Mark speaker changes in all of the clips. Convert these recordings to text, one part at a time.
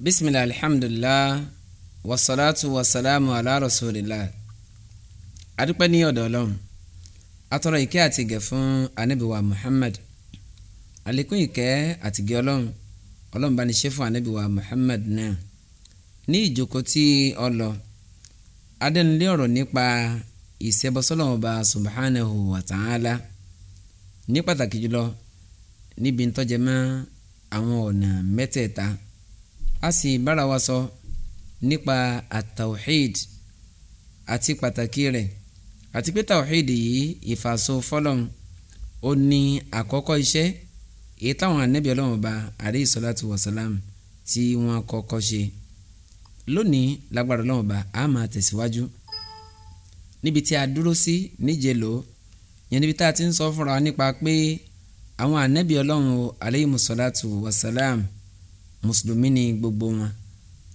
Speaker 1: bisimilah alhamdulilah wasalaatu wasalaamu ala rasulillah adúpẹ́ ní ọ̀dọ̀ ọlọ́run atọ́rọ ìkẹ́ àti ìgẹ̀ fún anabiwa muhammad àlékún ìkẹ́ àti ìgẹ̀ ọlọ́run ọlọ́run bá ní ṣe fún anabiwa muhammad náà ní ìjókòó tí ọ lọ adẹnulẹ́ ọ̀rọ̀ nípa ìṣẹ́bọsọ́lọ́wọ́n bá subhanahu wa ta'ala ní pàtàkì jùlọ níbi ntọ́jẹ́mọ́ àwọn ọ̀nà mẹ́tẹ̀ẹ̀ta a sì bára wa sọ nípa àtàwíìd àti pàtàkì rẹ̀ àti pé tàwíìd yìí ìfàsọ fọlọ́n ó ní àkọ́kọ́ iṣẹ́ èyí táwọn anábì ọlọ́run ọba alayhi salatu wa salam tí wọ́n kọ́kọ́ ṣe lónìí lágbára ọlọ́run ọba a máa tẹ̀síwájú níbi tí a dúró sí níjẹ̀lò yẹn níbi tá a ti ń sọ fúnra nípa pé àwọn anábì ọlọ́run alayhi salatu wa salam mùsùlùmí ni gbogbo wọn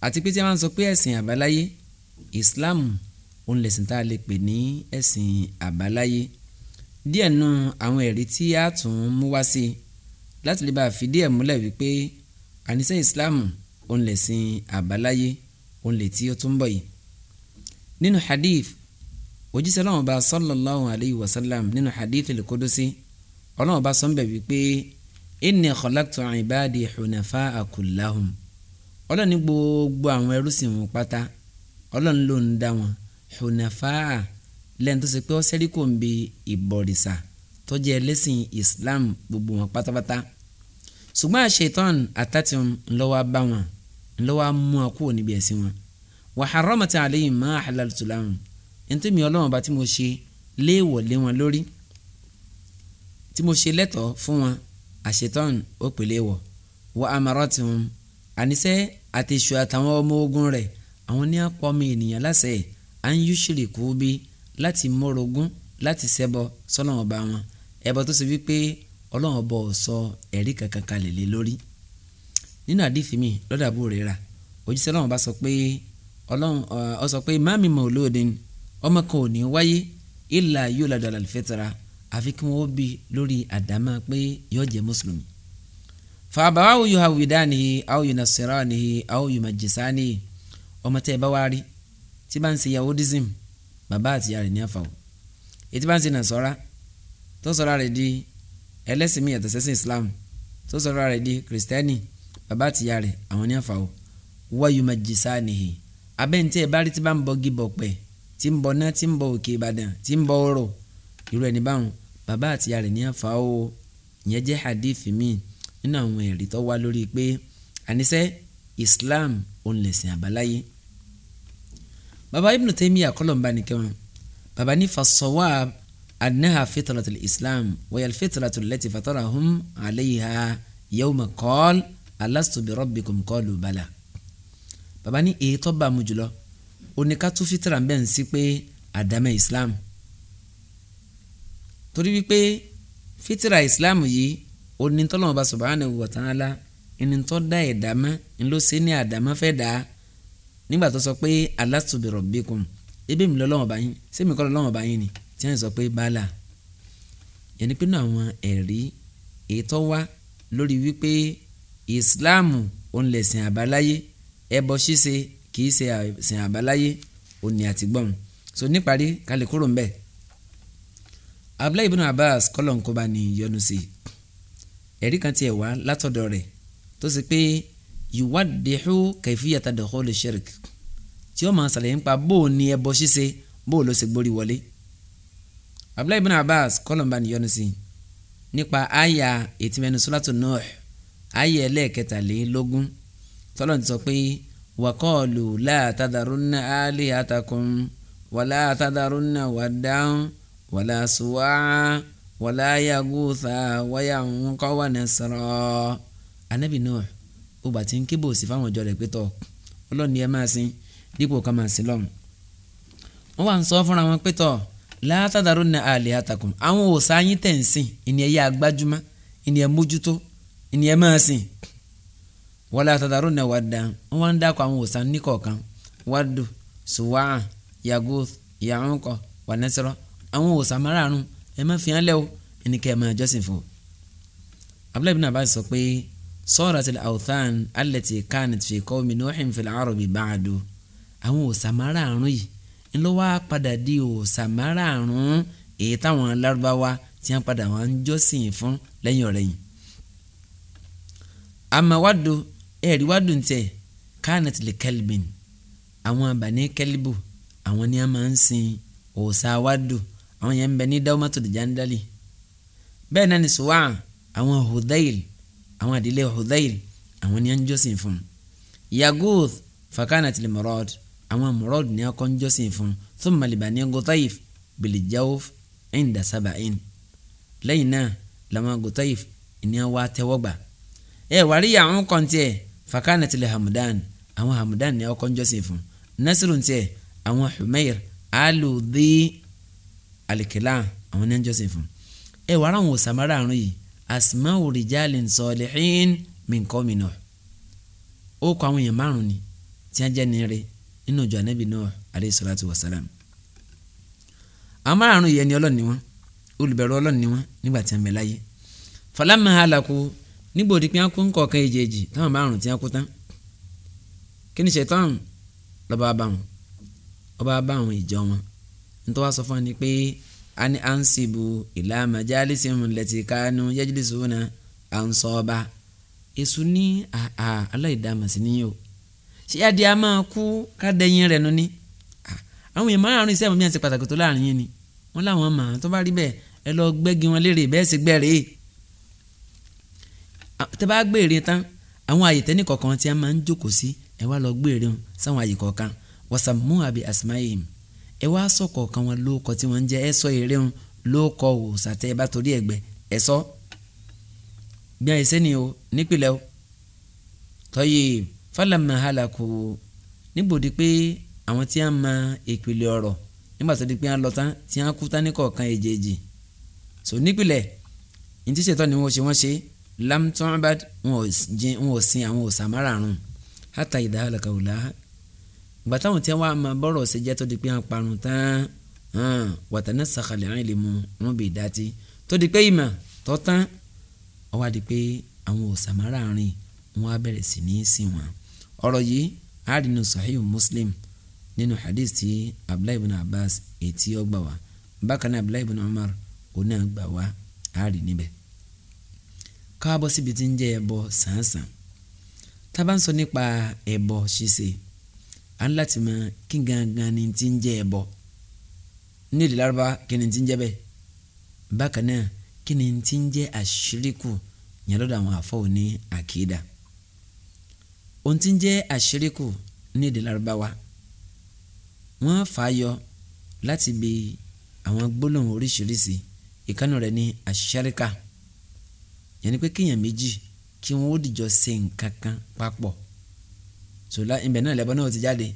Speaker 1: àti pé tí wọ́n sọ pé ẹ̀sìn àbáláyé islam òun lẹ̀sìn tá a lè pè ní ẹ̀sìn àbáláyé díẹ̀ nu àwọn ẹ̀rí tí a tún mú wá sí láti lè bá a fi díẹ̀ múlẹ̀ wípé àníṣe islam òun lẹ̀sìn àbáláyé òun lè tí ó tún bọ̀ yìí nínú hadith òjíṣẹ́ Ọlọ́hun bá sallallahu alayhi wa sallam nínú hadith al-Qudusi Ọlọ́hun bá sọ ń bẹ̀ wípé inni khalaqtu ibadi hunafa'a kullahum ọlọ́ni gbogbo àwọn ẹrúsìn wọn pátá ọlọ́ni ló ń dá wọn hunafa'a lẹ́yìn tó ṣe pé ó ṣẹ́rí kò ń bi ìbọ̀rìṣà tó jẹ́ ẹlẹ́sìn Islam gbogbo wọn pátápátá ṣùgbọ́n àṣetán àtàtì ńlọ́wọ́ bá wọn ńlọ́wọ́ mú wọn kúrò níbi ẹ̀sìn wọn wa harramata alayhim ma halaltu lahum ntẹ́mi ọlọ́wọ́n bá tí mo ṣe léèwọ̀ lé wọn lórí tí mo ṣe lẹ́tọ̀ọ́ fún wọn àṣetán ó pèlè wọ̀ wọ amarọ́tì wọn àníṣe àtẹ̀sù àtàwọn ọmọ ogun rẹ̀ àwọn ní àpọ̀mọ ènìyàn láṣẹ à ń yúṣìrì kú bí láti mórogún láti ṣẹbọ sọ́lọ́wọ́n bá wọn ẹbọ tó ṣe wípé ọlọ́wọ́n bọ̀ sọ ẹ̀rí kankan kalẹ̀ lé lórí nínú àdìfí mi lọ́dà bó ra. rà ọlọ́wọ́n bá sọ pé ọlọ́run ọ sọ pé má mi mọ̀ olóòdin ọmọ kan ò ní wáyé ìlà yóò ladà lálẹ́ fẹ́ àfi kí wọ́n bí lórí àdámà pé yóò jẹ́ mùsùlùmí. fàbà aw yuhawidanihi aw yunasiranihi aw yumajjisanihi ọmọ tẹ́ ẹ bá wá rí tí bá ń ṣe Yahudism bàbá àti ìyá rẹ̀ ní àfàwọ̀ ètí bá ń ṣe nàṣọ́ra tó sọ̀rọ̀ rẹ̀ di ẹlẹ́sìn mi yàtọ̀ sẹ́sìn Islam tó sọ̀rọ̀ rẹ̀ di kìrìsìtẹ́nì bàbá àti ìyá rẹ̀ àwọn ní àfàwọ̀ wáyù majjisanihi abẹ́ntẹ́ ẹ bá rí tí bá ń bọ gíbọ̀ pẹ̀ tí ń bọ náà tí ń bọ òkè Ìbàdàn tí ń bọ ọrọ̀ irú ẹni báwọn bàbá àti ìyá rẹ̀ ní àfa o ìyẹn jẹ́ hadith mi nínú àwọn ẹ̀rí tó wá lórí pé àníṣe Islam òun lẹ̀sìn àbáláyé bàbá Ibn Taymiyyah kọlọmba nìkẹwọn bàbá ní fasọwọ anaha fitratul Islam wayal fitratul lati fatarahum alayha yawma qal alastu bi rabbikum qalu bala bàbá ní èyí tó bá mu jùlọ oníkatú fitra ń ń sí pé àdámẹ́ Islam torí wípé fitira islam yìí onítọ́lọ́wọ́n bá subhanahu wa ta'ala ẹni tó dá ẹ̀dá mọ́ ńlọ sí ní àdámọ́ fẹ́ dá nígbà tó sọ pé alastu bi ebi mi lọ́lọ́wọ́n bá yín sẹ́mi kọ́ lọ́lọ́wọ́n bá yín ni tí wọ́n sọ pé bala yẹnni pé náà àwọn ẹ̀rí ètò wá lórí wípé islam òun lè sìn àbáláyé ẹbọ ṣíṣe kì í ṣe sìn àbáláyé òun ni àtìgbọ́n so níparí kálí kúrò ń bẹ́ẹ̀ abdullahi ibn abbas kọlọ̀nkọba ní yọ́nú sí ẹ̀rí kan tiẹ̀ wá látọ̀dọ̀ rẹ̀ tó sì pé yuwaddihu kayfiyata dukhuli shirk tí ó máa ṣàlàyé nípa bó o ní ẹbọ ṣíṣe bó o ló ṣe gbórí wọlé abdullahi ibn abbas kọlọ̀nba ní yọ́nú sí nípa àyà ètìmẹ́nu suratu àyà ẹlẹ́ẹ̀kẹtàlélógún tọ́lọ̀ ti sọ pé waqalu la tadharunna alihatakum wala tadharunna wàlá suwa wàlá yagusa wáyà ń kọ́ wà ní sọ̀rọ̀ anabi Nuh ó bàtí ń kébò sí fáwọn ọjọ́ rẹ̀ pé tọ́ ọlọ́ni ẹ máa sin dípò ká máa sin lọ́hùn wọ́n wá ń sọ fúnra wọn pé tọ́ látàdàrú ní àlè àtàkùn àwọn òòṣà yín tẹ̀ ń sìn ìní ẹ̀yà agbájúmọ́ ìní ẹ̀ mójútó ìní ẹ̀ máa sìn wọ́n látàdàrú ní wàdà wọ́n wá ń dákọ̀ àwọn òòṣà níkọ̀ọ̀kan wàdù sùwàá yàgò yàrúnkọ̀ wànẹ́sọ̀rọ̀ àwọn òòsà márààrún ẹ má fi hàn lẹ́wọ̀ ẹni kẹ́ ẹ máa jọ́sìn fún. Abdullahi bin Abbas sọ pé sọ́ọ̀rọ̀ ti àwòtán alẹ́tì kánẹ̀tì fi kọ́ mi nóòhìn fìlà àròbì báàdó àwọn òòsà márààrún yìí ńlọ wá padà di òòsà márààrún èyí táwọn alárúbáwá tí wọ́n padà wọ́n jọ́sìn fún lẹ́yìn ọ̀rẹ́yìn amawado ẹ̀rí wádùn ntẹ̀ kánat lè kẹlbin àwọn abàní kẹlbù àwọn ni a máa ń sin òòṣà wádù àwọn yẹn ń bẹ ní Dawmatul Jandali bẹ́ẹ̀ náà ni Suwa àwọn Hudayl àwọn àdílé Hudayl àwọn ni à ń jọ́sìn fún Yaguth fakana tili Murad àwọn Murad ni a kọ́ ń jọ́sìn fún thumma li Bani Gutaif bili Jawf inda saba'in lẹ́yìn náà làwọn Gutaif ni a wá tẹ́wọ́ gbà ẹ wàrí àwọn kọ́ńtì fakana tili Hamdan àwọn Hamdan ni a kọ́ ń jọ́sìn fún Nasiru ntẹ àwọn Humair alu alikila àwọn ní ẹnjọ́sìn fún ẹ wàá ràn wọ́n sàmárà àrùn yìí asmau rijalin salihin min qaumi Nuh ó kọ àwọn èèyàn márùn ni tí wọ́n jẹ́ nírí nínú ìjọ anábì Nuh alayhi salatu wa salam àwọn márùn yìí ẹni Ọlọ́run ni wọ́n olùbẹ̀rù Ọlọ́run ni wọ́n nígbà tí wọ́n bẹ láyé falamma halaku nígbà òdi pé wọ́n kó nkọ̀ọ̀kan èjèèjì táwọn márùn tí wọ́n kú tán kí ni ṣètọ́n lọ́ba abáwọn ọba abáwọn ìjọ wọn nítorí wàá sọ fún wa ni pé ani ansibu ìlà majalisi lẹ́tì kánú yẹ́jìlísì wọn ansọ́ba èso ní àhà aláìdámàsí níyì o ṣé adìẹ a máa kú kádẹ́yìn rẹ̀ nu ni àwọn èèyàn márùn-ún iṣẹ́ àmọ́mí àti pàtàkì tó láàrin yín ni wọ́n láwọn mà tó bá rí bẹ́ẹ̀ ẹ lọ gbẹ́gi wọn léèrè bẹ́ẹ̀ sì gbẹ́rẹ́ tẹ bá gbèrè tán àwọn àyè tẹ́ni kọ̀ọ̀kan tí a máa ń jókòó sí ẹ wá lọ gbèrè wọn sáwọn àyè kọ̀ọ̀kan wọ́n sàmúhàbí asmáyéhìn ẹ wá sọ̀kọ̀ kan wọn lóòkọ tí wọ́n ń jẹ́ ẹ sọ eré wọn lóòkọ òòsà tẹ́ ẹ bá torí ẹ̀gbẹ́ ẹ sọ. bí àìsè ni o nípìnlẹ̀ o tọ́yì fálàmà hàlàkù níbòdì pé àwọn tí a ma ìpìlẹ̀ ọ̀rọ̀ nígbà tó di pé a lọ tán tí a kú tán ní kọ̀ọ̀kan èjèèjì so nípìnlẹ̀ ní ti ṣètọ́ ni wọ́n ṣe wọ́n ṣe lamtọ́nbad wọn ò sin àwọn òòsà márààrún hátà ìdáhàlàkà òòlà gbàtàwọn tí wàá máa bọ́rọ̀ ṣe jẹ́ tó di pé hàn parun tán hàn wàtánà sàkàlẹ̀ hàn lè mu wọn bè dátì tó di pé ìmọ̀ tó tán ó wá di pé àwọn òsàmárà rìn wọn á bẹ̀rẹ̀ sí ní sìn wọn. ọ̀rọ̀ yìí àádínú sahih muslim nínú hadith ti abdullahi ibn abbas ètí ọgbà wa bákan náà abdullahi ibn umar oní àgbà wa àárín níbẹ̀. káàbọ̀ síbi tí ń jẹ́ ẹbọ sàǹsàn tá a bá ń sọ nípa ẹbọ ṣíṣe à ń láti mọ kí gangan ni ti ń jẹ́ ẹbọ ní èdè lárúbá kí ni ti ń jẹ́ bẹ́ẹ̀ bákan náà kí ni ti ń jẹ́ àṣíríkù yẹn lọ́dọ̀ àwọn àfọwò ní àkìdá ohun ti ń jẹ́ àṣíríkù ní èdè lárúbáwá wọ́n fà láti bi àwọn gbólóhùn oríṣiríṣi ìkànnì rẹ̀ ní àṣíríkà yẹn ni pé kéèyàn méjì kí wọ́n ó dìjọ ṣe nǹkan kan papọ̀ sòlá ìbẹ̀ náà lẹ́bọ náà ti jáde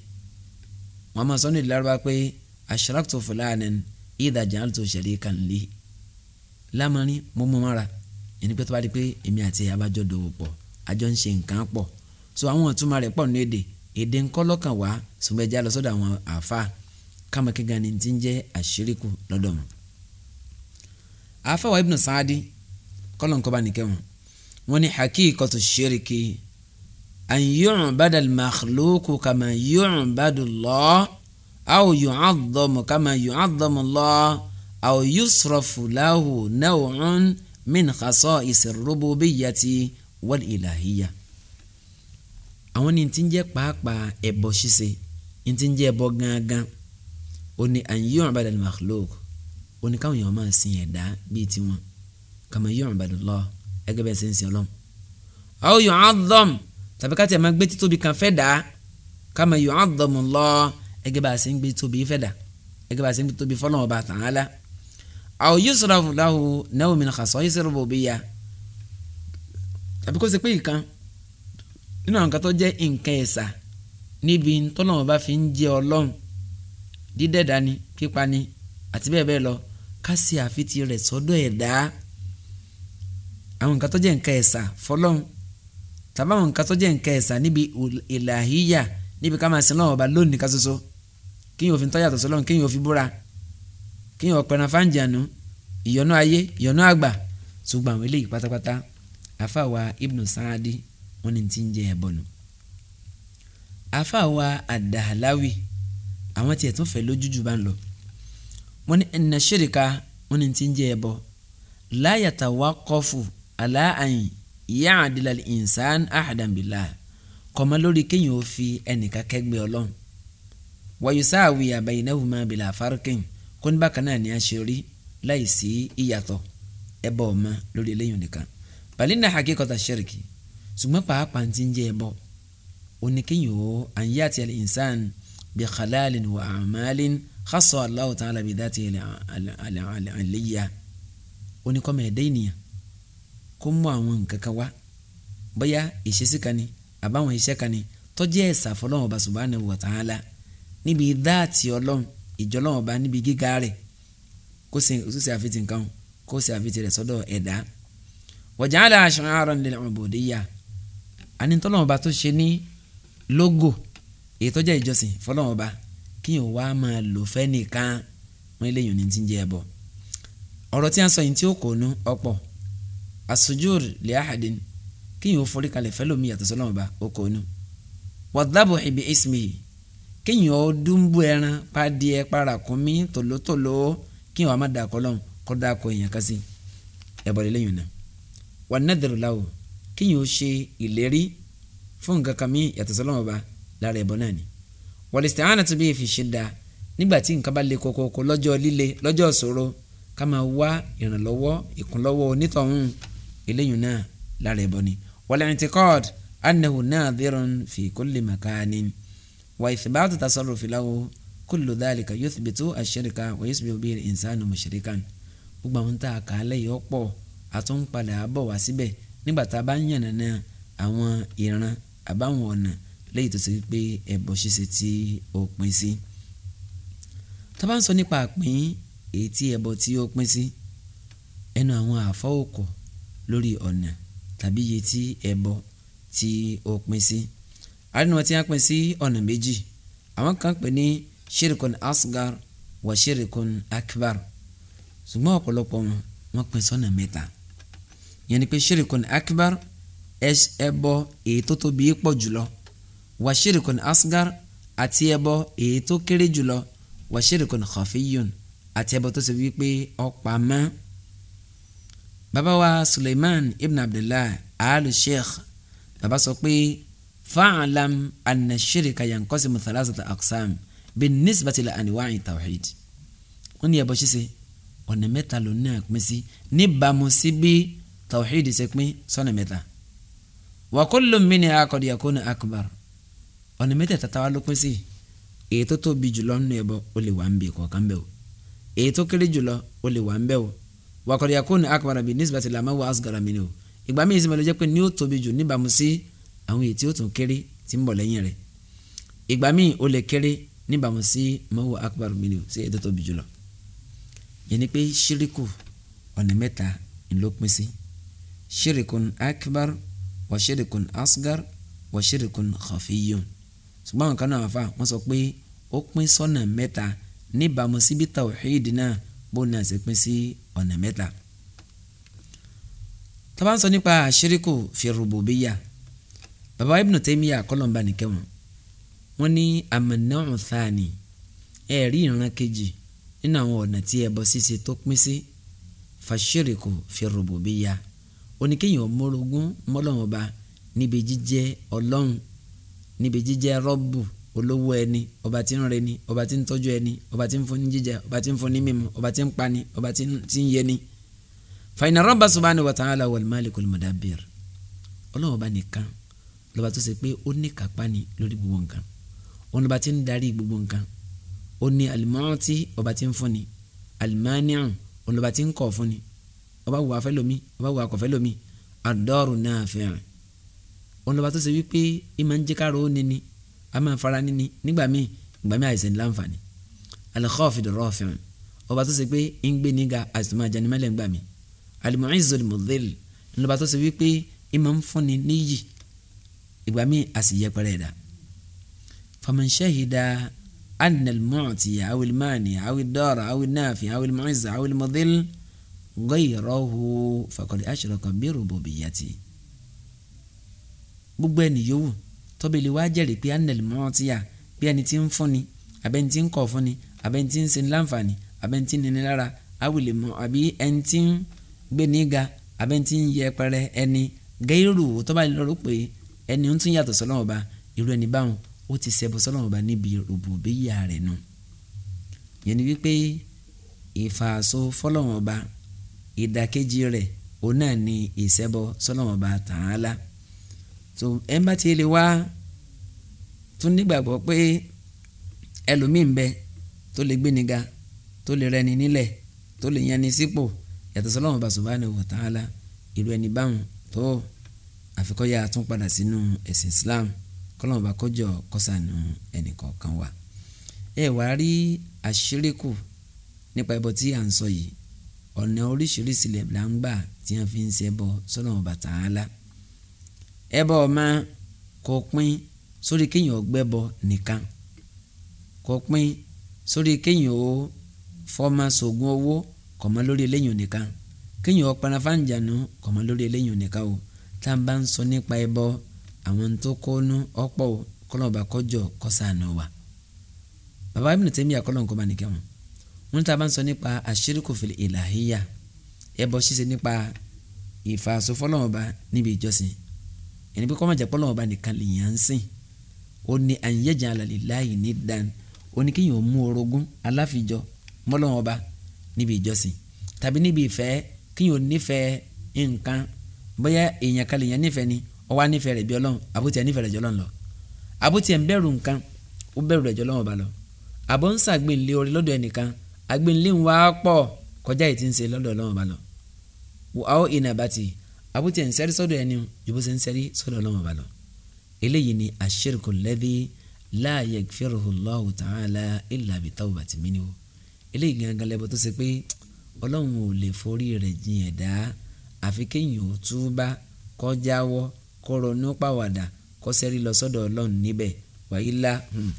Speaker 1: wọ́n máa sọ ní ìdílárúbá pé ashraktu fulanan idha ja'altu sharikan li lámarin mo mú mọ́ra ẹni pé tó bá di pé èmi àti abájọ dòwò pọ̀ àjọ ń ṣe nǹkan pọ̀ so àwọn ìtumọ̀ rẹ̀ pọ̀ ní èdè èdè ńkọ́ lọ́kàn wá ṣùgbọ́n ẹja lọ sọ́dọ̀ àwọn àfa kámakíga ni ti ń jẹ́ àṣíríkù lọ́dọ̀ wọn. àfa wa sáádì kọ́lọ̀ ńkọ́ bá nìkẹ́ wọn wọ́n ní hakíkọ́tù ṣíríkì ànyìrùn badal makhluku kàmá yìrùn badulọ́ àwò yùn àdọ́mù kàmá yùn àdọ́mù lọ́ àwò yusrafu lahu naw'un min khasa'is rububiyyati wal ilahiyya. àwọn ní ti ń jẹ́ pàápàá ẹbọ ṣíṣe ní ti ń jẹ́ ẹbọ gángan ó ní ànyìrùn badal makhluku ó ní káwọn èèyàn máa sin ẹ̀dá bíi tiwọn kàmá yìrùn badulọ́ ẹgẹ́ bẹ́ẹ̀ sẹ́ńsì ọlọ́run àwò yùn tàbí ká tiẹ̀ máa gbé títóbi kan fẹ́ dà kama yu'azzamu Allah ẹgẹ́ bá a ṣe ń gbé títóbi fẹ́ dà ẹgẹ́ bá a ṣe ń gbé títóbi fọ́lọ́wọ́ bá tàn án la aw yusrafu lahu naw'un min khasa'is rububiyyah tàbí kó ṣe pé ìkan nínú àwọn kan tó jẹ́ nǹkan ẹ̀sà níbi tọ́lọ́wọ́n bá fi ń jẹ́ ọlọ́run dídẹ̀dá ni pípa ni àti bẹ́ẹ̀ bẹ́ẹ̀ lọ ká ṣe àfitì rẹ̀ sọ́dọ̀ ẹ̀dá àwọn nǹkan tó jẹ́ nǹkan ẹ̀sà fọlọ́run tàbá wọn nǹkan tó jẹ́ nǹkan ẹ̀sà níbi ìlàhíyà níbi ká máa sin náà ọba lónìí ká soso kí yóò fi tọ́jà tó sọlọ́run kí yóò fi búra kí yóò pẹran fáǹjànú ìyọnú ayé ìyọnú àgbà ṣùgbọ́n àwọn eléyìí pátápátá àfàwà Ibn Saadi wọn ni ti ń jẹ ẹ̀bọ nù. àfàwà àdàláwì àwọn tiẹ̀ tún fẹ́ lójújú bá ń lọ wọn ni ẹnìyàn ṣèrìkà wọn ni ti ń jẹ ẹ̀bọ láyàtà wà kọ́fù àlàáyìn ìyá àdìlà ìnsán àhàdàmbìlà kọ̀mọ́ lórí kéèyàn ó fi ẹnìkan kẹ́gbẹ́ ọlọ́run wàyùsá àwì àbàyìnáwó máa bìlà àfárúkìn kó ní bákan náà ní a ṣe rí láì sí ìyàtọ̀ ẹ bọ̀ ọ́ ma lórí eléyìí nìkan pàlínà àkíkọ̀tà ṣẹ́ríkì ṣùgbọ́n pàápàá ti ń jẹ́ ẹ bọ̀ oníkéyìn o àyè àti ìnsán bí kàlálìn wà àmàlìn xasọ̀ aláwọ̀ tán alábìdá ti àlẹ́yà oníkọ́mọ̀ ẹ̀dẹ́ ènìyàn kó mú àwọn nǹkan kan wá bóyá ìṣesí kan ni àbáwọn iṣẹ́ kan ni tó ẹ̀sà fọlọ́run ọba subhanahu wa ta'ala níbi dáàtì ọlọ́run ìjọlọ́run ọba níbi gíga rẹ̀ kó sì àfitì nǹkan kó sì àfitì rẹ̀ sọ́dọ̀ ẹ̀dá waja'ala ash'aran lil-'ubudiyya anitọ́lọ́run ọba tó ṣe ní lógò èyí tó jẹ́ ìjọsìn fọlọ́run ọba kíyàn wá máa lò fẹ́ nìkan wọ́n eléyìí ní ti ń jẹ́ ẹbọ ọ̀rọ̀ tí a nu ọ̀pọ̀ Asujur lè àhàdín kéèyàn ó forí kalẹ̀ fẹ́ lómi yàtọ̀ sọ́lọ́mù bá ó kọ́ ọ́nù wàdàbọ̀ ibi ismihi kéèyàn ó dúnbú ẹran pàdíẹ parakùnmí tòlótòló kéèyàn wàá má da akọ lọ́hùn kọ́ da akọ èèyàn kan sí ẹ̀bọ̀ lélẹ̀ yìí nà wà nẹ́dẹ̀rù láwò kéèyàn ó ṣe ìlérí fún nǹkan kan mí yàtọ̀ sọ́lọ́mù bá lára ẹ̀bọ̀ náà ni wàlìsítẹ̀ àwọn àti bí èèfì ṣe dáa nígbà tí nǹkan bá le kókókó lọ́jọ́ líle lọ́jọ́ ìṣòro eléyìí náà lára ẹbọ ni wal-i'tiqad annahu nadhirun fi kulli makanin wa ithbatu tasarrufi lahu kullu dhalika yuthbitu ash-shirka wa yusbihu bihi al-insanu mushrikan gbogbo àwọn tá a kà á lẹ́yìn ọ̀pọ̀ àtúnpadà bọ̀ wá síbẹ̀ nígbà tá a bá ń yànnàná àwọn ìran àbáwọn ọ̀nà lẹ́yìn tó ṣe pé ẹbọ ṣíṣe tí ó pín sí. tá bá ń sọ nípa àpín èyí tí ẹbọ tí ó pín sí ẹnu àwọn àfọ́ òkò lórí ọ̀nà tàbí iye tí ẹbọ tí ó pín sí àrínú wọn tí wọ́n pín sí ọ̀nà méjì àwọn kan pè ní shirikun asgar wa shirikun akbar ṣùgbọ́n ọ̀pọ̀lọpọ̀ wọn wọ́n pín sọ́nà mẹ́ta yẹn ni pé shirikun akbar ẹbọ èyí tó tóbi pọ̀ jùlọ wa shirikun asgar àti ẹbọ èyí tó kéré jùlọ wa shirikun khafiyun àti ẹbọ tó ṣe wípé ọ̀pá mọ́ bàbá wa Suleiman ibn Abdullah alu sheikh bàbá sọ pé fa'alam anna shirika yanqasimu thalathata aqsam bin nisbati la anwa'i tawhid wọ́n ní ẹbọ ṣíṣe ọ̀nà mẹ́ta ló ní àpín sí níbàámu sí bí tawhid ṣe pín sọ́nà mẹ́ta wa kullu minha qad yakunu akbar ọ̀nà mẹ́tẹ̀ẹ̀ta táwa ló pín sí èyí tó tóbi jùlọ nínú ẹbọ ó lè wà ń bẹ kọ̀ọ̀kan bẹ́ẹ̀ o èyí kéré jùlọ ó lè wà ń bẹ́ẹ̀ o wakọ̀dì yakun akbar bi nisbati lama wa asgara mi ni o ìgbà míì sì máa lọ jẹ́ pé ní ó tóbi jù níbàámu sí àwọn èyí tí ó tún kéré tí ń bọ̀ lẹ́yìn rẹ̀ ìgbà míì ó lè kéré níbàámu sí mawa akbar mi ni o sí ètò tóbi jù lọ. yẹn ni pé ṣíríkù ọ̀nà mẹ́ta ló pín sí ṣírìkùn akbar wà ṣírìkùn asgar wà ṣírìkùn khafiyun ṣùgbọ́n àwọn kan náà wà fà wọ́n sọ pé ó pín sọ́nà mẹ́ta níbàámu síbi tawhid náà bóun náà ṣe pín sí ọ̀nà mẹ́ta. tá bá ń sọ nípa àṣíríkù fi rububiyya bàbá Ibn Taymiyyah kọ́lọ̀mbà nìkẹ́wọ̀n wọ́n ní àmọ̀nàmù thani ẹ̀rí ìran kejì nínú àwọn ọ̀nà tí ẹbọ ṣíṣe tó pín sí fàṣíríkù fi rububiyya oníkéèyàn mórogún mọ́lọ́wọ́n ba níbi jíjẹ́ ọlọ́run níbi jíjẹ́ rọ́bù olówó ẹni ọba tí ń reni ọba tí ń tọ́jú ẹni ọba tí ń fún ní jíjẹ ọba tí ń fún ní mímu ọba tí ń pani ọba tí ń yẹni. fa inna Rabba subhanahu wa ta'ala wal malikul mudabbir ọlọ́wọ́ bá nìkan lọ́ba tó ṣe pé ó ní kápá ni lórí gbogbo nǹkan òun lọ́ba tí ń darí gbogbo nǹkan ó ní alimọ́ọ́tì ọba tí ń fún ni alimanian òun lọ́ba tí ń kọ̀ fún ni ọba a máa fara níní nígbà míì ìgbà míì àìsàn láǹfààní al-Khafid ar-Rafi' ọba tó ṣe pé ń gbé níga àìsàn máa jẹni mẹ́lẹ̀ ńgbà míì al-Mu'izz al-Mudhill ńlọba tó ṣe wípé ń máa ń fúnni níyì ìgbà míì a sì yẹpẹrẹ ẹ̀dá faman shahida anna al-mu'tiya aw al-mani'a aw ad-dara aw gbogbo ẹni yòówù tọ́bìlì wá jẹ́rìí pé anel mọ́ ti yà pé ẹni tí ń fúnni abẹ́ni tí ń kọ̀ fúnni abẹ́ni tí ń ṣeni láǹfààní abẹ́ni tí ń nini lára awìlẹ̀ mọ́ àbí ẹni tí ń gbé níga abẹ́ni tí ń yẹ pẹrẹ ẹni gẹ́rù tọ́bìlì lọ́rọ̀ pé ẹni ń tún yàtọ̀ sọ́lọ́wọ́ bá irú ẹni báwọn ó ti ṣẹbọ sọ́lọ́wọ́ bá níbi rògbòbíyà rẹ̀ nù yẹn ni wípé ìfàṣọ so ẹ bá ti lè wá tún nígbàgbọ́ pé ẹlòmíì ń bẹ tó lè gbé ni ga tó lè rẹni nílẹ̀ tó lè yan ni sípò yàtọ̀ sọlọ́wọ́n bá subhanahu wa ta'ala ìlú ẹni báwọn tó àfikọ́yà tún padà sínú ẹ̀sìn Islam kọ́lọ́wọ́n bá kọjọ kọ́sànù ẹnì kọ̀ọ̀kan wa. ẹ wàá rí àṣírí kù nípa ẹbọ tí à ń sọ yìí ọ̀nà oríṣiríṣi lẹ̀ ń gbà tí wọ́n fi ń ṣẹbọ sọ́nà ọba tààlà. So ẹbọ ọmọ kò pín sórí kéèyàn ó gbẹ́bọ nìkan kò pín sórí kéèyàn ó fọmọ sògùn owó kò mọ lórí eléyìí nìkan kéèyàn ó para fáǹjànú kò mọ lórí eléyìí nìkan o tá a bá ń sọ nípa ẹbọ àwọn tó kónú ọ̀pọ̀ o kọlọmọba kọjọ kọsànù wa bàbá Ibn Taymiyyah àkọlọǹkọba nìkan wọn wọn ní tá a bá ń sọ nípa àṣírìkù fil ilahiyya ẹbọ ṣíṣe nípa ìfàsófọlọ́mọba níbi ìjọsìn yẹn pé kọ́mọ̀jà pọ́ lọ́wọ́ bá nìkan lè yàn án sìn ó ní àyẹ̀jẹ̀ alàlè láàyè ní dan ó ní kéèyàn mú orogún aláfijọ́ mọ́lọ́wọ́ bá níbi ìjọsìn tàbí níbi ìfẹ́ kéèyàn nífẹ̀ẹ́ nǹkan bóyá èèyàn kan lè yàn nífẹ̀ẹ́ ni ó wá nífẹ̀ẹ́ rẹ̀ bí ọlọ́run àbútiẹ̀ nífẹ̀ẹ́ rẹ̀ jọ lọ́n lọ àbútiẹ̀ ń bẹ̀rù nǹkan ó bẹ̀rù rẹ̀ jọ lọ́wọ́ bá lọ àbọ̀ ń abúti ẹ̀ ń sẹ́rí sọ́dọ̀ ẹni ju bó ṣe ń sẹ́rí sọ́dọ̀ ọlọ́run ọba lọ. eléyìí ni aṣ-ṣirku alladhi la yaghfiruhu Allahu ta'ala illa bi tawbati minhu eléyìí gangan lẹ́bọ̀ tó ṣe pé ọlọ́run ò lè forí rẹ̀ jìn ẹ̀dá àfi kéèyàn ó túbá kó jáwọ́ kó ronú pàwàdà kó sẹ́rí lọ sọ́dọ̀ ọlọ́run hmm,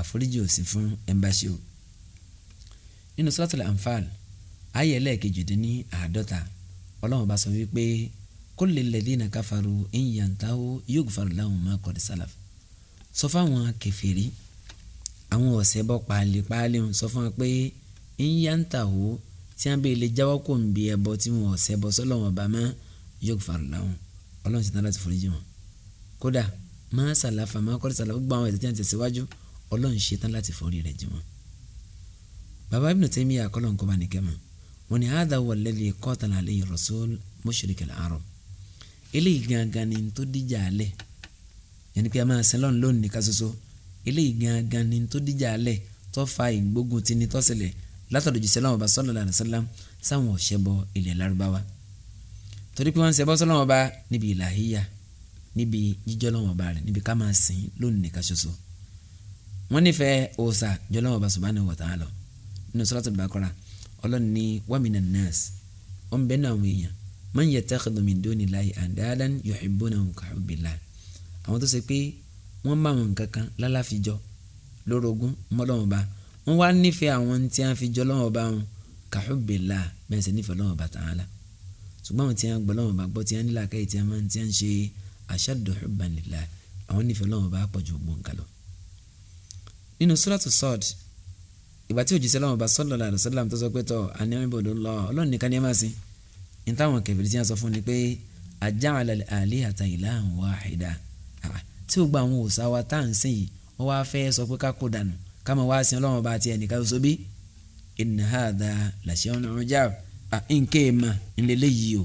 Speaker 1: àforíjì ò fún ẹ̀ńbáṣe o. nínú suratul Anfal ayé ẹlẹ́ẹ̀kejì dín ní àádọ́ta ọlọ́run bá sọ wípé kulli ladhina kafaru in yantahu yughfar lahum ma qad salaf sọ fáwọn kèfèrí àwọn ọ̀sẹ̀ bọ́ pàálípàálí ń sọ fún wa pé in yantahu tí wọ́n bèèrè jáwọ́ kò ń bí ẹbọ tí wọ́n ọ̀sẹ̀ bọ́ sọ́lọ́wọ́n bá mọ́ yughfar lahum ọlọ́run ti tán láti foríjì wọn kódà má sàlàfà má kọ́rí sàlàfà gbogbo àwọn ẹ̀sẹ̀ tí wọ́n ti tẹ̀síwájú ọlọ́run ṣe tán láti eléyìí gangan ni tó díjà alẹ̀ yẹn ni pé a máa sin lọ́nà lónìí nìkan ṣoṣo eléyìí gangan ni tó díjà alẹ̀ tó fa ìgbógun ti ni tó ṣẹlẹ̀ látọ̀dọ̀ jù sẹ́lọ́mù ọba sallallahu alaihi wasallam sáwọn ọ̀ṣẹ́bọ ilẹ̀ lárúbáwá torí pé wọ́n ń ṣẹbọ sọ́lọ́mù ọba níbi ìlàhíyà níbi jíjọ́ lọ́mù ọba rẹ̀ níbi ká máa sìn lónìí nìkan ṣoṣo wọ́n nífẹ̀ẹ́ òòṣà jọlọ́mù ọba subhanahu wa ta'ala nínú Suratul Baqara ọlọ́ni wàmínà nọ́ọ̀sì wọ́n bẹ́ẹ̀ náà wọ̀nyẹn man yattakhidhu min dunillahi andadan yuhibbunahum kahubbillah àwọn tó ṣe pé wọ́n bá wọn kankan lálàfíjọ lórogún mọ́lọ́wọ́ba wọ́n wá nífẹ̀ẹ́ àwọn tí wọ́n fi jọ lọ́wọ́ bá wọn kahubbillah bẹ́ẹ̀ sì nífẹ̀ẹ́ lọ́wọ́ bá ta'ala ṣùgbọ́n àwọn tí wọ́n gbọ́ lọ́wọ́ bá gbọ́ tí wọ́n nílà káyì tí wọ́n máa ń tí wọ́n ṣe ashaddu hubban lillah àwọn nífẹ̀ẹ́ lọ́wọ́ bá pọ̀jù gbọ̀ǹkà nínú suratu Sad ìgbà tí òjíṣẹ́ lọ́wọ́ bá ní táwọn kẹfìrí tí wọ́n sọ fún ni pé ajá àlẹ́ àtàyìnlá àwọn wàhídà tí ó gba àwọn òòṣà wa tá à ń sìn yìí wọ́n wá fẹ́ sọ pé ká kó dànù ká máa wá sin ọlọ́run bá tiẹ̀ nìkan ṣoṣo bí inna hadha làṣẹ́wọ́n ọjà nké ma ńlẹ́lẹ́ yìí o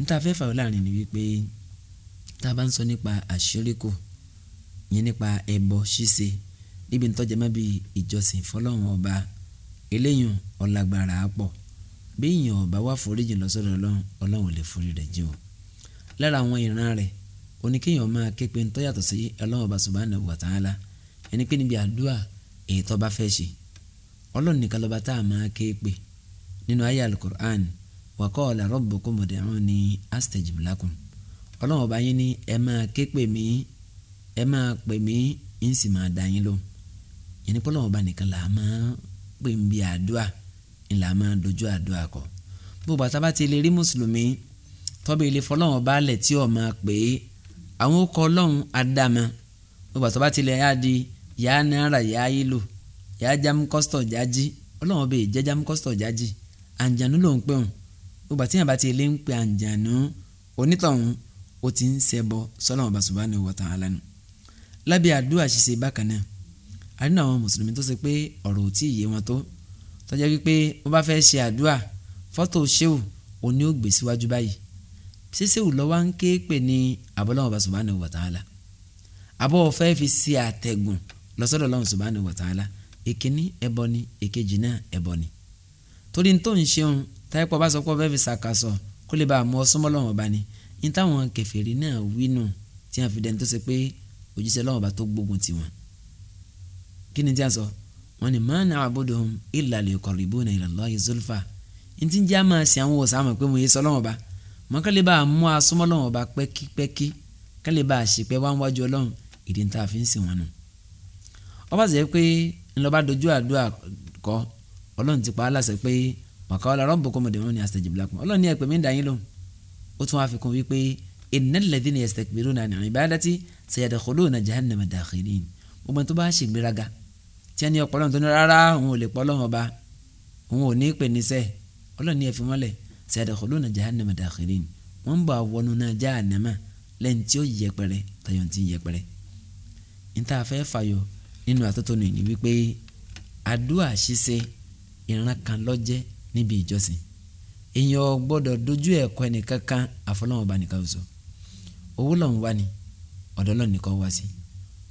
Speaker 1: níta fẹ́ fàwọn láàrin ni wípé tá a bá ń sọ nípa àṣírìkù yẹn nípa ẹbọ ṣíṣe níbi ntọ́jà má bi ìjọsìn fọlọ́run ọba eléyìí ọ̀làgbàrà á pọ̀ bí èèyàn bá wá foríjì lọ́sọ̀rọ̀ ọlọ́run ọlọ́run ò lè forí rẹ̀ jì o lára àwọn ìran rẹ̀ oníkéèyàn máa ké pé ntọ́ yàtọ̀ sí ọlọ́run ọba subhanahu wa ta'ala ẹni pé níbi àdúrà èyí tó bá fẹ́ ṣe ọlọ́run nìkan lọ́ba tá a máa ké pé nínú ayé alukur'an wa qala rabbukum ud'uni astajib lakum ọlọ́run ọba yín ni ẹ máa ké pè mí ẹ máa pè mí ń sì máa dá yín lóhùn yẹn ńlá máa dojú àdúrà kọ gbogbo àtàbà ti lè rí mùsùlùmí tọ́bi ilé fọlọ́run baálẹ̀ tí ọ̀ máa pè é àwọn ó kọ ọlọ́run adama gbogbo àtàbà ti lè yá di yá náírà yá ìlú yá jam kọ́sítọ̀ jájí ọlọ́run bèè jẹ́ jam kọ́sítọ̀ jájí àǹjànú ló ń pè hùn gbogbo àti yàrá ti lè ń pè àǹjànú onítọ̀hún ó ti ń ṣẹbọ sọ́lọ́run ọba subhanahu wa ta'ala nù lábẹ́ àdúrà ṣiṣẹ́ bákan náà àdínà àwọn mùsùlùmí tó ṣe pé ọ̀rọ̀ ò tọ́jà wípé wọ́n bá fẹ́ ṣe àdúrà fọ́tò ṣéwù òní ò gbé síwájú báyìí ṣéṣéwù lọ́wọ́ ń ké pè ní abọ́lọ́wọ́ bá subhanahu wa ta'ala abọ́ ọ̀fẹ́ fi ṣe àtẹ̀gùn lọ́sọ́dọ̀ lọ́wọ́ subhanahu wa ta'ala èkíní ẹbọ ni èkejì náà ẹbọ ni torí ní tó ń ṣeun táyẹ̀pọ̀ bá sọ pé ọ̀fẹ́ fi ṣàkàsọ̀ kó lè bá mú ọsúnmọ́ lọ́wọ́ bá ni ní táwọn kèfèrí náà wínú tí a fi dẹni tó ṣe pé òjíṣẹ́ lọ́wọ́ bá tó gbógun tiwọn kí ni tí a sọ wọ́n ní máa na'buduhum illa liyuqarribuna ila Allahi zulfa ntí jẹ́ àmà sí àwọn òòsàn àmọ̀ pé mo yé sọlọ́wọ́n ba mọ kálí bá a mú asọ́mọ́ lọ́wọ́n ba pẹ́kípẹ́kí kálí bá a ṣèpẹ́ wá ń wájú ọlọ́run ìdí ń ta fi ń sìn wọn nù. ọba sẹ́ pé ńlọba dojú àdúrà kọ ọlọ́run ti pa á láṣẹ pé waqala ọlọ́run ní ẹ̀pẹ́ mi ń dà yín lóhùn ó tún wáá tí a ní ọpọlọ́run tó ní rárá òun ò lè pọ́ lọ́wọ́ ọba òun ò ní pè níṣẹ́ ọlọ́run ní ẹ fi wọ́n lẹ̀ sayadkhuluna jahannama dakhirin wọ́n ń bọ̀ àwọnú náà jahannama lẹ́yìn tí ó yẹpẹrẹ tayọ̀ tí ń yẹpẹrẹ. níta fẹ́ fàyọ nínú àtọ́tọ́ nìyí wípé àdúrà ṣíṣe ìran kan lọ́jẹ́ níbi ìjọsìn èèyàn gbọ́dọ̀ dojú ẹ̀kọ́ ẹnìkankan àfọlọ́wọ́n bá nìkan sọ owó lọ́n wá ni ọ̀dọ́ lọ́n nìkan wá sí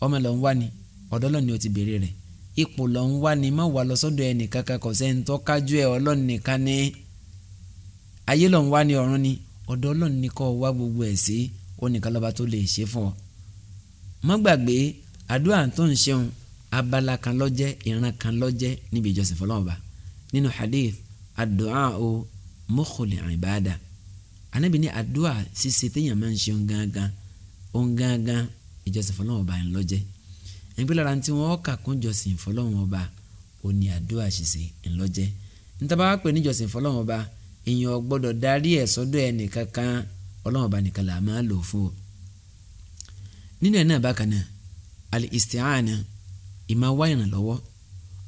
Speaker 1: ọmọ lọ́n wá ni ọ̀dọ́ lọ́n ó ti béèrè rẹ̀ ipò lọ ń wá ni má wà lọ sọ́dọ̀ ẹnìkan kan kò sẹ́ni tó ẹ ọlọ́run nìkan ni ayé lọ ń wá ni ọ̀run ni ọ̀dọ̀ ọlọ́run ni kó wá gbogbo ẹ̀ sí oníkan lọ́ba tó lè ṣe fún ọ. má gbàgbé àdúrà tó ń ṣeun abala kan lọ́jẹ́ ìran kan lọ́jẹ́ níbi ìjọsìn fọlọ́ọ̀ba nínú hadith àdúrà o mọ́kòlì ìbáàdà anábì ní àdúrà ṣíṣe téèyàn máa ń ṣeun gángan òun gángan ìjọsìn fọlọ́ọ̀ba ń lọ́jẹ́ ẹni pé lára tí wọ́n kà kún jọsìn fọlọ́run ọba òní àdúrà ṣíṣe ńlọ́jẹ́ níta bá wá pè ní jọsìn fọlọ́run ọba èèyàn gbọ́dọ̀ darí ẹ̀ sọ́dọ̀ ẹnì kankan ọlọ́run ọba nìkan là máa lò fún o. nínú ẹ̀ náà bákan náà al-isti'ana ìmá wá ìrànlọ́wọ́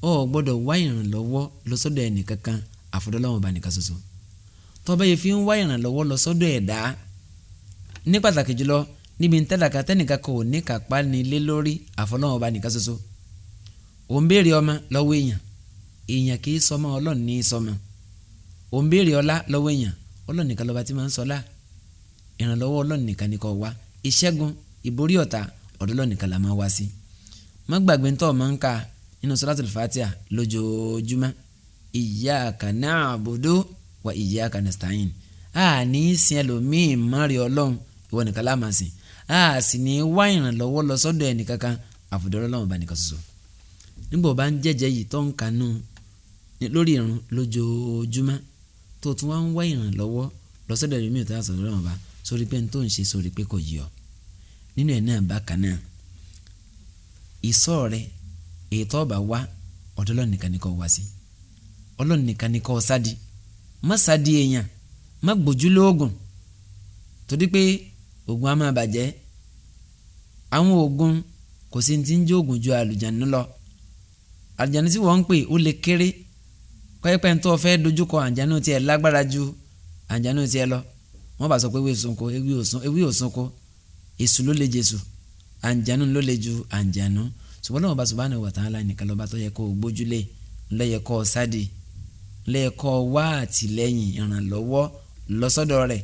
Speaker 1: ọ gbọ́dọ̀ wá ìrànlọ́wọ́ lọ sọ́dọ̀ ẹnì kankan àfọ̀dọ̀ ọlọ́run ọba nìkan ṣoṣo tó níbi ntẹ́lẹ̀ka tẹ́nìkan kò ní kápá ni lé lórí àfọlọ́wọn bá nìkan ṣoṣo òun béèrè ọmọ lọ́wọ́ èèyàn èèyàn kì í sọmọ ọlọ́run ní í sọmọ òun béèrè ọlá lọ́wọ́ èèyàn ọlọ́run nìkan lọ́ba tí máa ń sọlá ìrànlọ́wọ́ ọlọ́run nìkan ni kó wá ìṣẹ́gun ìborí ọ̀tá ọ̀dọ̀ ọlọ́run nìkan la máa wá sí má gbàgbé ntọ́ máa ń ka nínú suratul fatiha lójoojúmọ́ iyyaka na'budu wa iyyaka nasta'in àní sìn ẹlòmíì mọ́rin ọlọ́run ìwọ nìkan la máa sìn a sì ní wá ìrànlọ́wọ́ lọ sọ́dọ̀ ẹnìkankan àfọ̀dọ́rọ́ lọ́wọ́ bá nìkan ṣoṣo nígbà bá ń jẹ́jẹ́ yìí tó ń kanú lórí irun lójoojúmọ́ tó tún wá ń wá ìrànlọ́wọ́ lọ sọ́dọ̀ ẹ̀rí mi ò tá a sọ̀rọ̀ lọ́wọ́ bá sórí pé n tó ń ṣe sórí pé kò yí ọ nínú ẹ̀ náà bákan náà ìsọ̀ rẹ èyí tó wá ọ̀dọ̀ nìkan ni kó wá sí Ọlọ́run nìkan ni kó sádi má sádi èèyàn oògùn á máa bàjẹ́ àwọn oògùn kò sí ti ń jẹ́ oògùn ju àlùjánu lọ àlùjánu tí wọ́n ń pè ó lè kéré pẹ́ẹ́pẹ́ ń tó fẹ́ dojúkọ àlùjánu tiẹ̀ lágbára ju àlùjánu tiẹ̀ lọ wọ́n bá sọ pé ewé òsunko ewé òsunko èṣù ló le jésù àlùjánu ló le ju àlùjánu ṣùgbọ́n lọ́wọ́ bá subhanahu wa ta'ala nìkan lọ́ba tó yẹ kó gbójúlé ńlẹ́yẹ kó sáde ńlẹ́yẹ kó wá àtìlẹ́yìn ìrànlọ́wọ́ lọ́sọ́dọ̀ rẹ̀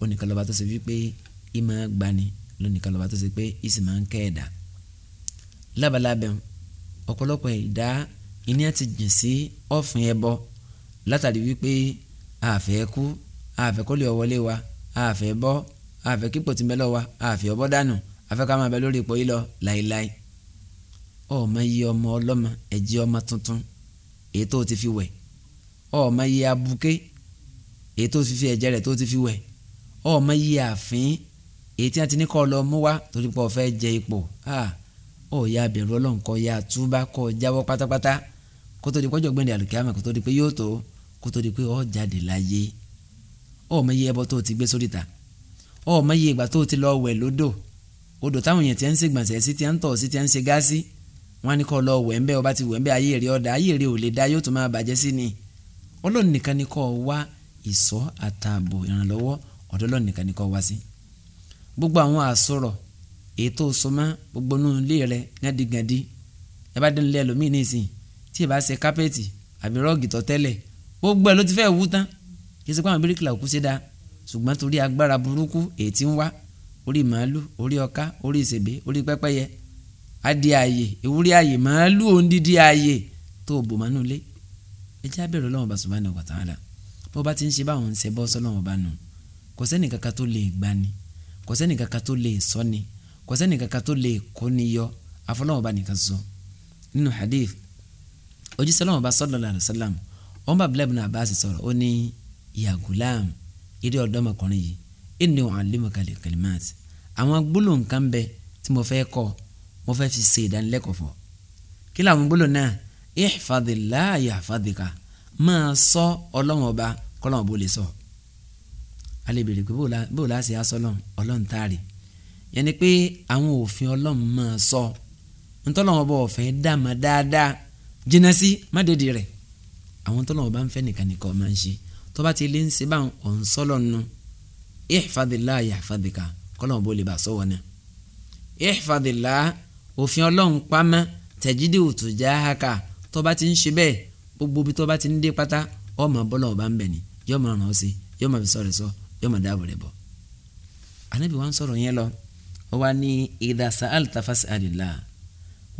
Speaker 1: ó lọ́ba tó ṣe wípé ìmọ̀ gbani lónìí kan lọ́ba tó ṣe pé ìsì máa ń kẹ́ ẹ̀dá lábalábẹ́ ọ̀pọ̀lọpọ̀ ìdá iní àti jìn sí ọ̀fìn ẹbọ látàrí wípé àfẹ́ kú àfẹ́ kó lè wọlé wa àfẹ́ bọ́ àfẹ́ kípò tí mẹ́lọ wa àfẹ́ ọbọ̀ dànù àfẹ́ ká máa bẹ lórí ipò yìí lọ láéláé ọmọ yìí ọmọ ọlọ́mọ ẹ̀jẹ̀ ọmọ tuntun èyí tó ti fi wẹ̀ ọmọ yìí abuké èyí tó ti fi ẹ̀jẹ̀ rẹ̀ tó ti fi wẹ̀ ọmọ yìí àfín èyí tí wọ́n ti ní kọ́ lọ mú wá torí pé ó fẹ́ jẹ ipò ó yá bẹ̀rù ọlọ́run kó yá túbá kó jáwọ́ pátápátá kó tó di pé ọjọ́ gbẹ̀ndẹ̀ àlùkìyàmọ̀ kó tó di pé yóò tó kó tó di pé ó jáde láyé ó mọ iye ẹbọ tó ti gbé sórí ta ó mọ iye ìgbà tó ti lọ wẹ̀ lódò odò táwọn èèyàn ti ń ṣe gbọ̀nsẹ̀ sí ti ń tọ̀ sí ti ń ṣe gáàsì wọn ni kó lọ wẹ̀ ń bẹ́ ọba ti wẹ̀ ń bẹ́ ayé rẹ̀ ọ̀dà ayé rẹ̀ ò lè dá yóò tún máa bàjẹ́ sí ni ọlọ́run nìkan ni kó wá ìṣọ́ àtààbò ìrànlọ́wọ́ ọ̀dọ̀ ọlọ́run nìkan ni kó wá sí gbogbo àwọn àsọ̀rọ̀ ètò sọmọ gbogbo nù lé rẹ gàdígàdí ẹ bá dẹnu lé ẹlòmíì nísìnyí tí ì bá ṣe kápẹ́ẹ̀tì àbí rọ́ọ̀gì tọ́ tẹ́lẹ̀ gbogbo ẹ ló ti fẹ́ wú tán kí sọ pé àwọn bíríkìlà kú sí da ṣùgbọ́n torí agbára burúkú ètí ń wá orí màálù orí ọká orí ìṣègbè orí pẹ́pẹ́yẹ adìẹ ààyè ewúrẹ́ ààyè màálù òǹdídí ààyè tó o bò mánú lé ẹ jẹ́ abẹ́rẹ́ Ọlọ́run bá subhanahu wa ta'ala bó bá ti ń ṣe báwọn ń ṣe bọ́ sọ́lọ́wọ́n bá nù kò sẹ́nìkankan tó lè gbani kò sẹ́ni kankan tó lè sọ ni kò kankan tó lè kó ni yọ afọlọ́wọ́n bá nìkan sọ nínú hadith ojúṣe lọ́wọ́n bá sallallahu alaihi wasallam wọn bá Abdullahi ibn Abbas sọ̀rọ̀ ó ní ya gulam eré ọ̀dọ́mọkùnrin yìí inni u'allimuka kalimat àwọn gbólóhùn kan bẹ tí mo fẹ́ kọ́ mo fẹ́ fi ṣe ìdánilẹ́kọ̀ọ́ fọ́ kí làwọn gbólóhùn náà ihfadillah yahfadika máa sọ ọlọ́wọ́n ọba kọ́lọ́wọ́n bó lè sọ a lè béèrè pé bó o láṣẹ aṣọ ọlọ́run ọlọ́run táàrí yẹn ni pé àwọn òfin ọlọ́run máa sọ ntọ́lọ́wọ́n bọ̀ ọ̀fẹ́ dàmọ́ dáadáa jìnnà sí má dédìí rẹ̀ àwọn tọ́lọ́wọ́n bá ń fẹ́ nìkan nìkan máa ń ṣe tó bá ti lé ń ṣe báwọn ọ̀n sọ́lọ̀ nù ihfadillah yahfadika kọ́lọ́wọ́n bó lè bá sọ wọn náà ihfadillah òfin ọlọ́run pamọ́ tẹ̀jídé òtò já haka tó bá ti ń ṣe bẹ́ẹ̀ gbogbo bí tó bá ti ń dé pátá ọmọ bọ́lọ̀ ọba ń bẹ̀ ni yọ́ọ́ máa ọ́ sí yọ́ọ́ máa fi sọ̀rọ̀ sọ́ọ́ yóò máa dáàbò rẹ̀ bọ̀ anabi wa ń sọ̀rọ̀ yẹn lọ ó wá ní idha sa'alta fas'alillah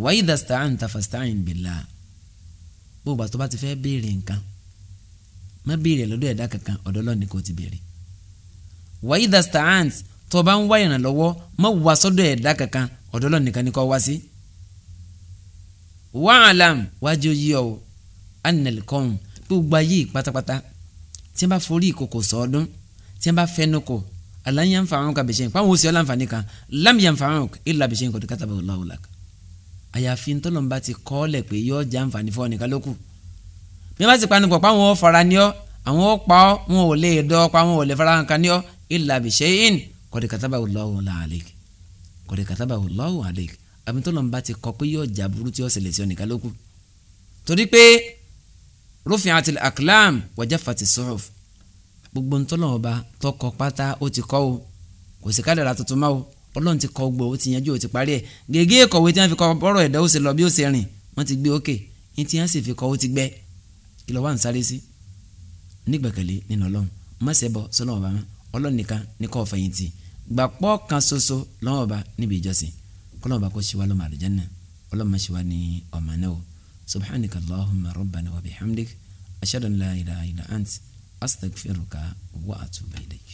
Speaker 1: wa idha ista'anta fasta'in billah bó o bá tó bá ti fẹ́ béèrè nǹkan má béèrè lọ́dọ̀ ẹ̀dá kankan ọ̀dọ̀ Ọlọ́run ni kò ti béèrè wa idha ista'anta tó o bá ń wá ìrànlọ́wọ́ má wá sọ́dọ̀ ẹ̀dá kankan ọ̀dọ̀ Ọlọ́run nìkan ni kò wá sí. wa'lam wájú yí ọ annal qawm gbogbo ayé pátápátá tí wọ́n bá forí ìkòkò sọ́ọ́dún tí wọ́n bá fẹnu kò aláǹyàn fàáhùn kà bẹ̀ṣẹ̀ nípa àwọn oṣù ọ̀làǹfààní kan lámìyàn fàáhùn ìlà bẹ̀ṣẹ̀ nǹkan tó kátàbà ọ̀làwọ̀là àyàfi ntọ́lọ́mùbá ti kọ́ọ̀lẹ̀ pé yọ ọjà àǹfààní fún ọ̀nìkan lókù bí wọ́n bá ti panupọ̀ pa àwọn ọ̀fara ni ọ́ àwọn ọ̀pá ọ́ wọn ò lè dọ́ ọ́ pa àwọn ọ̀lẹ́ fara kan ni ọ́ ìlà bẹ̀ṣẹ̀ in kọ̀dé kátàbà ọ̀làwọ̀là àlèk kọ̀dé kátàbà ọ̀làwọ̀là àlèk àbí ti kọ́ pé yọ ọjà burú tí ó ṣẹlẹ̀ sí ọ̀nìkan torí pé rufi'atil aqlam wa jaffati suhuf gbogbo ntọ́lọ̀ ọba tọkọ pátá ó ti kọ́ o kò sí kádàrà tuntun máa o ọlọ́run ti kọ́ gbò ó ti yanjú ó ti parí ẹ̀ gègé ìkọ̀wé tí wọ́n fi kọ́ bọ́rọ̀ ẹ̀dá ó sì lọ bí ó sì rìn wọ́n ti gbé òkè ní tí wọ́n sì fi kọ́ ó ti gbẹ́ kí ló wà ń sáré sí. nígbàkẹ̀lé nínú ọlọ́run má ṣe bọ sọ́nà ọba mọ́ ọlọ́run nìkan ní kó fẹ̀yìntì gbàpọ́ kan ṣoṣo lọ́wọ́ ọba níbi ìjọsìn kọ́lọ́wọ́ subhanaka allahumma rabbana wa bihamdik ashhadu la ilaha illa ant astagfiruka wa atubu ilayk.